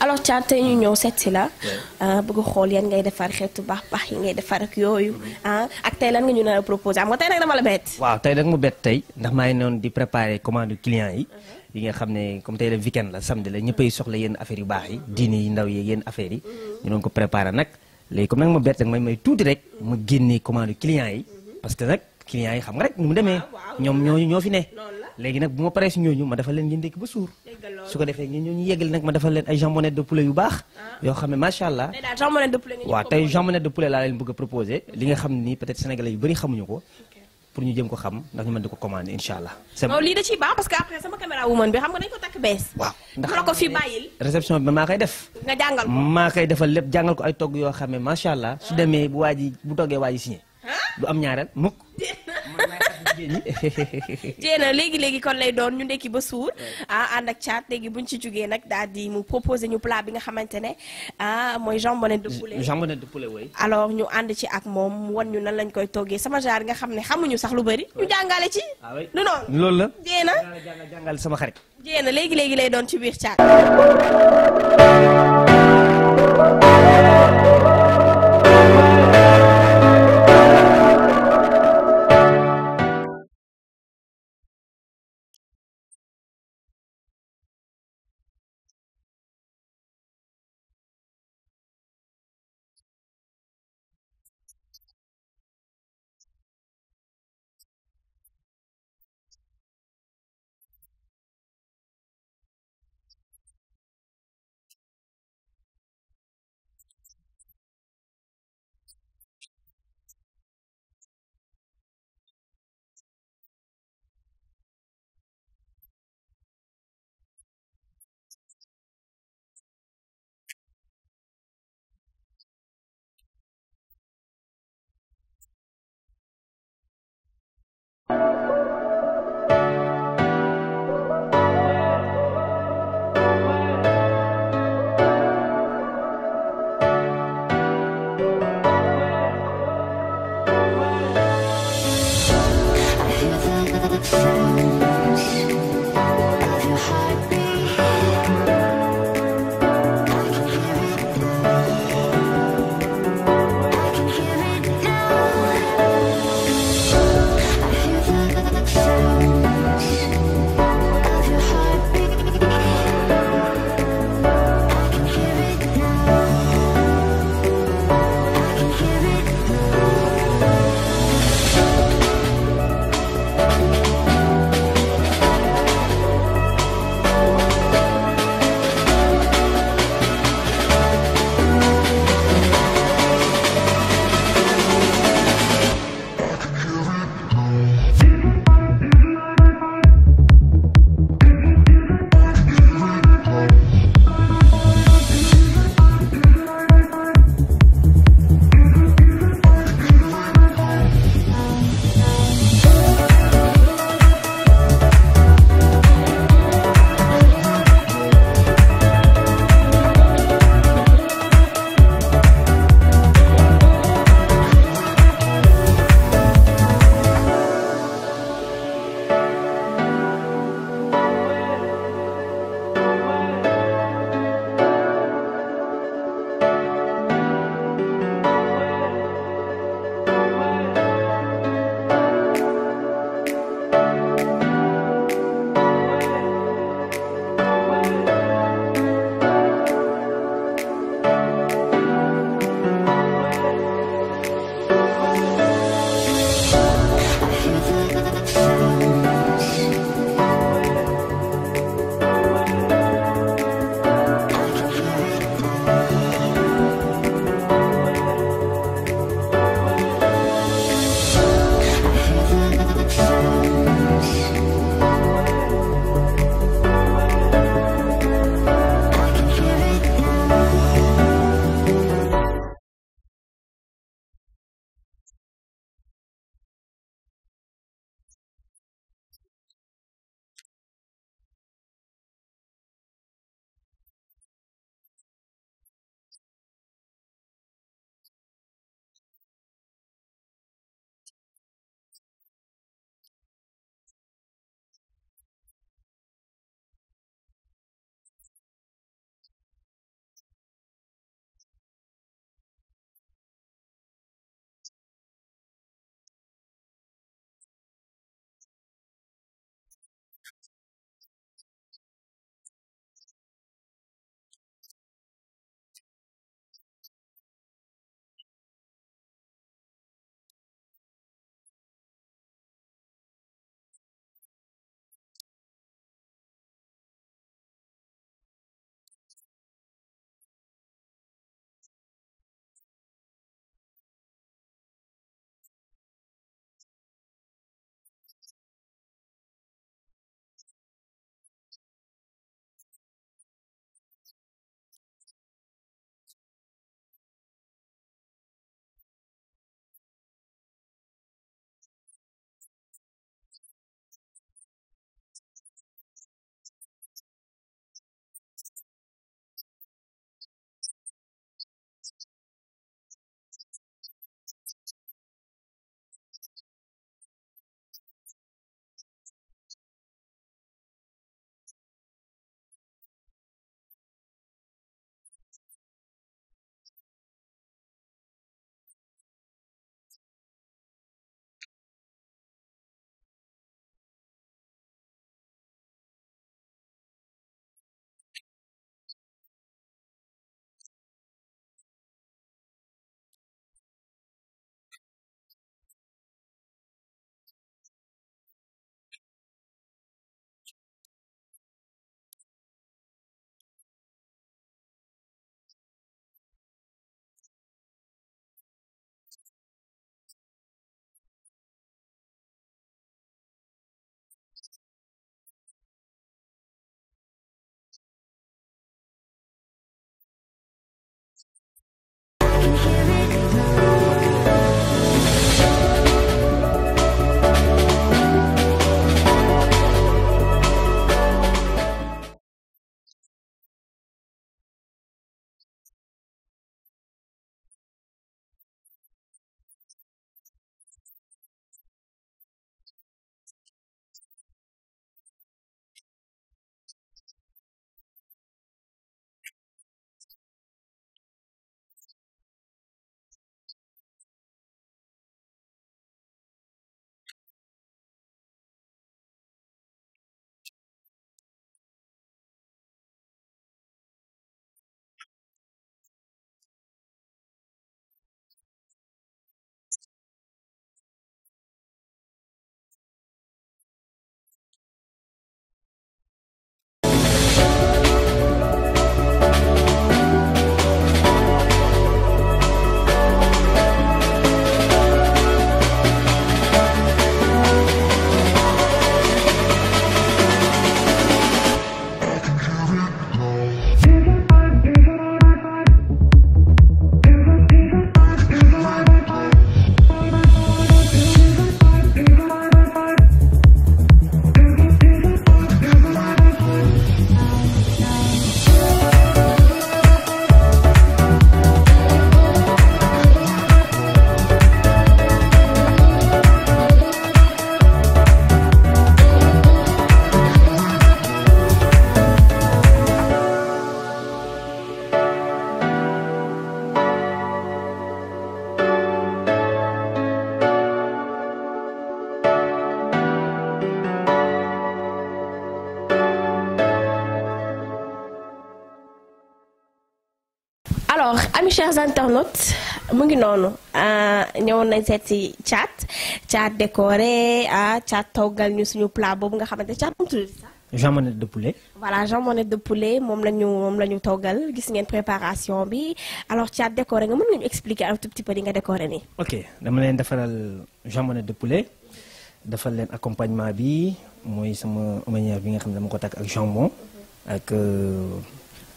alors Thiat tey ñu ñëw seet si la ah, bëgg xool yan ngay defar xeetu baax baax yi ngay defar ak yooyu mm-hmm. ah, ak tey lan nga ñu nar a proposé am nga tey maa ngi noonu di préparer commande client mm-hmm. yi. nga xam ne comme tey la weekend la samedi la ñëppay soxla yenn affaires yu baax yi mm-hmm. diini yi ndaw yi ko préparer nag léegi comme nag ma bett tuuti rek mu génnee commande client yi parce que nag client yi xam nga rek nu mu demee ah, ñoom ñoo ñoo fi ne léegi nak buma ma paree ñooñu ma dafa leen ñu ba sour su ko ñooñu yéggal nak ma dafa leen ay jambonnette de poulet yu bax ah. yo xamné ne macha allah waaw tey de poulet la leen bëgg proposer li nga xam ni peut-être sénégalais yu bari xamuñu ko pour ñu jëm ko xam ndax ñu mën di ko commandé incha allah. non lii da ci ba parce que après sama caméra woman bi xam nga dañ ko tak bes wa ndax ko fi bayil réception bi ma kay def. nga jangal ko ma kay defal lepp jangal ko ay togg yo xamné ne allah. su ah. démé bu waji bu toggé waji signé. Ah. du am ñaaral mukk. jéena léegi léegi kon lay doon ñu ndekki ba suur ah ànd ak caat léegi buñ ci jugee nag daal di mu proposé ñu plat bi nga xamante ne ah mooy jambonnette de poulet jambonnette de poulet way alors ñu ànd ci ak moom wan ñu nan lañ koy toggee sama genre nga xam ne xamuñu sax lu bëri ñu jàngale ci lu ah, noonu loolu la jéena jàngal sama xarit jéena léegi léegi lay doon ci biir caat chers internautes mu ngi noonu euh, ñëw nañ seet chat Thiat décoré ah Thiat toggal ñu suñu plat boobu nga xamante Thiat mu tudd sax. jambonnette de poulet. voilà jambonnette de poulet mom lañu mom lañu togal gis ngeen préparation bi alors Thiat décoré nga mën nga expliquer un tout petit peu li nga décoré ni. ok dama leen defaral jambonnette de poulet defal len accompagnement bi moy sama manière bi nga xam dama ko tak ak jambon ak euh,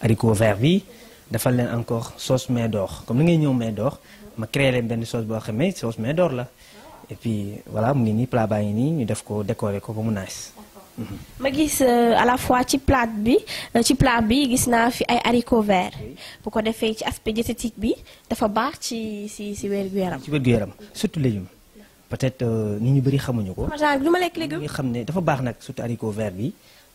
haricot vert bi defal len encore sauce main comme ni ngay ñew main ma créé len benn sauce bo xamé sauce main la et puis voilà mu ngi nii plat baa ngi ñu def ko décorer ko ba mu nice. ma gis euh, à la fois ci plat bi euh, ci plat bi gis na fi ay haricots verts bu ko defee ci aspect diététique bi dafa baax ci si si wér gu yaram. ci wér gu yaram surtout légumes peut-être euh, nit ñu bari xamuñu ko. ma genre du lek lekk légumes. xam ne dafa baax nak surtout haricot vert bi.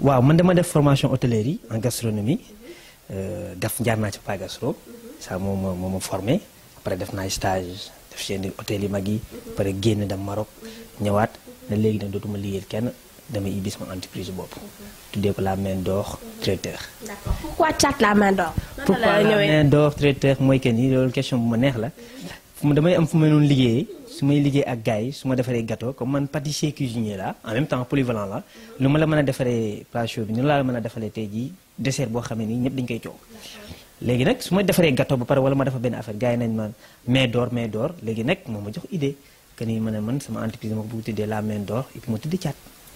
Je man dama def formation hôtellerie en gastronomie euh, def jaar ci ça ma formé après def un stage def seen hôtel yi mag yi après dans le Maroc ne kenn entreprise la main d'or traiteur. d'accord pourquoi as la main d'or. pourquoi la main d'or traiteur moi la question fu je suis am à Gaï, je liggéeyee su may liggéey ak gâteau comme man pâtissier cuisinier en même temps polyvalent la lu ma la mën a defaree plat chaud bi la mën a defaree dessert boo ne koy ma gâteau ba pare wala ma benn affaire gars nañ ma main d'or me d'or léegi nag moo ma jox idée que ni man sama la main d'or et puis ma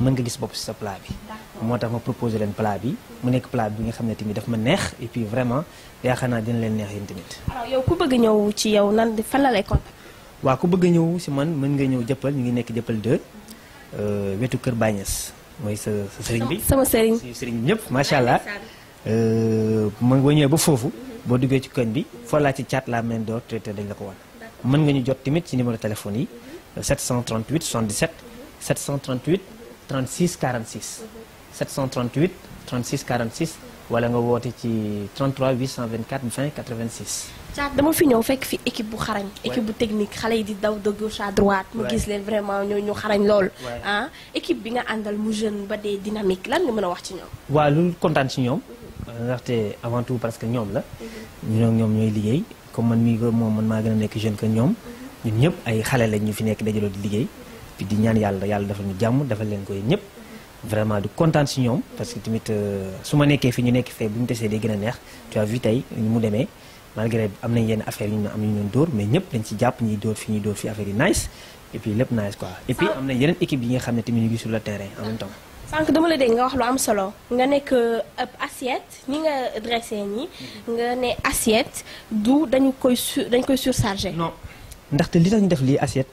man nga gis bop si sa plat bi proposé len plat bi mu nek plat bi nga ne ma et puis vraiment yaakaar de dina len neex yéen tamit alors yow ku bëgg ñëw ci yow nan fa la lay ku bëgg ñëw si man mën nga ñëw jëppal ñu ngi nekk euh wetu kër moy sa sëriñ bi sama sëriñ euh, ci bi ci traité dañ la ko mën nga ñu jot ci numéro téléphone yi 738 77 738 36 46 738 36 46 wala nga woote ci 33 824 20 86 dama fi ñew fekk fi équipe bu xarañ. équipe bu technique xalé yi di daw de gauche à droite. mu gis leen vraiment ñoo ñu xarañ lool. hein équipe bi nga andal mu jeune ba dé dynamique lan nga mëna wax ci ñom wa lu kontaan ci ñom mhm. ndaxte avant tout parce que ñom la. Mhm. ñun ak ñoom ñooy liggéey comme man mi ko moom man ma gëna nek jeune que ñom mhm. ñun ñëpp ay xalé lañ ñu fi nek dajaloo di liggéey puis di ñaan yalla yalla dafa ñu jamm dafa leen koy ñep vraiment di content ci ñom parce que timit euh, suma nekké fi ñu nekk fee buñu ñu desee day gën neex tu as vu tey ñu mu démé malgré amna yeen affaire yu ñu am ñu doon dóor mais ñep dañ ci japp ñi dóor fi ñi dóor fi affaire yi nice et puis lépp nice quoi et puis amna na équipe yi nga xamné ne ñu ngi sur le terrain en même temps sànq dama la dégg nga wax lu am solo nga nekk euh, ab assiette ni nga dressé ni nga ne assiette du dañ koy dañ koy surcharger non ndax ndaxte li tax ñu def li assiette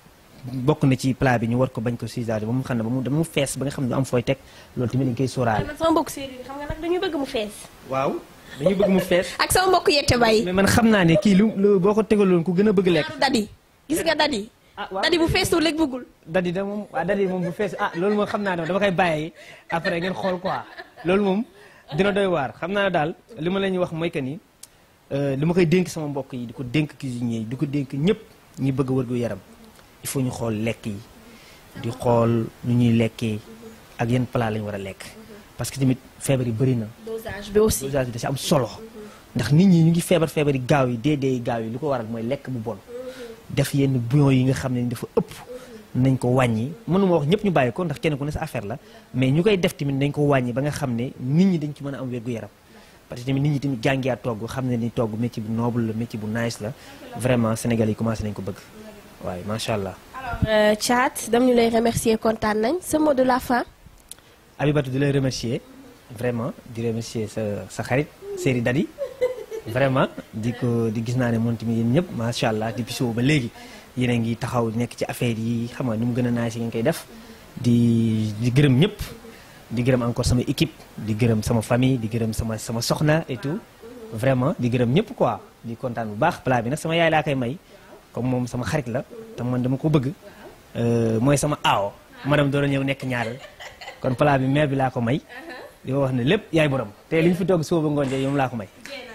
bokk na ci plat bi ñu war ko bañ ko sizaare ba mu xam ne ba mu dama mu fees am fooy teg loolu tamit dañ koy sóoraale. man sama mbokk séeréer yi waaw dañuy bëgg mu fees. ak sama mbokk man xam naa ne kii lu boo ko tegaloon ku gën bëgg lekk. dadi gis nga dadi. ah waaw dadi bu feesul bëggul. dadi moom waaw dadi moom bu fees ah loolu moom xam naa ne dama koy bàyyi après ngeen xool quoi loolu moom dina doy waar xam naa daal li ma la ñuy wax mooy que ni euh, li ma koy dénk sama mbokk yi di ko dénk cuisinier yi di ko dénk ñëpp ñi bëgg war wërgu yaram il faut ñu xool lekk yi di xool nu ñuy lekkee ak yan plat lañu war a lekk parce que tamit feebar yi bëri na. dosage aussi da si am solo. ndax nit ñi ñu ngi feebar feebar yi gaaw yi dee dee gaaw yi li ko waral mooy lekk bu bon. def yenn bouillon yi nga xam ne dafa ëpp. nañ ko wàññi mënuma wax ñëpp ñu bàyyi ko ndax kenn ko ne sa affaire la mais ñu koy def tamit nañ ko wàññi ba nga xam ne nit ñi dañ ci mën a am wérgu yaram. parce que tamit nit ñi tamit jàngiyaat togg xam ne ni togg métier bu noble la métier bu nice la vraiment Sénégal yi commencé nañ ko bëgg. waaye macha allah. alors euh, Thiat dañu lay remercier kontaan nañ sa mot de la fin. Abibatou je vous remercie, vraiment di remercier sa Sakharit, xarit Seri Dadi vraiment di ko di gis naa ne moom tamit yéen ñëpp macha allah depuis suba ba léegi yéen a ngi taxaw nekk ci affaire yi xam nga nu mu gën a naaj si ngeen koy def di di gërëm ñëpp. di gërëm encore sama équipe di gërëm sama famille di gërëm sama sama soxna et tout vraiment di gërëm ñëpp quoi di contane bu baax plat bi nak sama yaay la kay may. comme moom sama xarit la te man dama ko bëgg euh, mooy sama aaw aawo madame doora ñëw nekk ñaareel kon plat bi mère bi laa ko may uh-huh. di ko wax ne lépp yaay borom te li fi toog suba ba ngoon jee yow laa ko may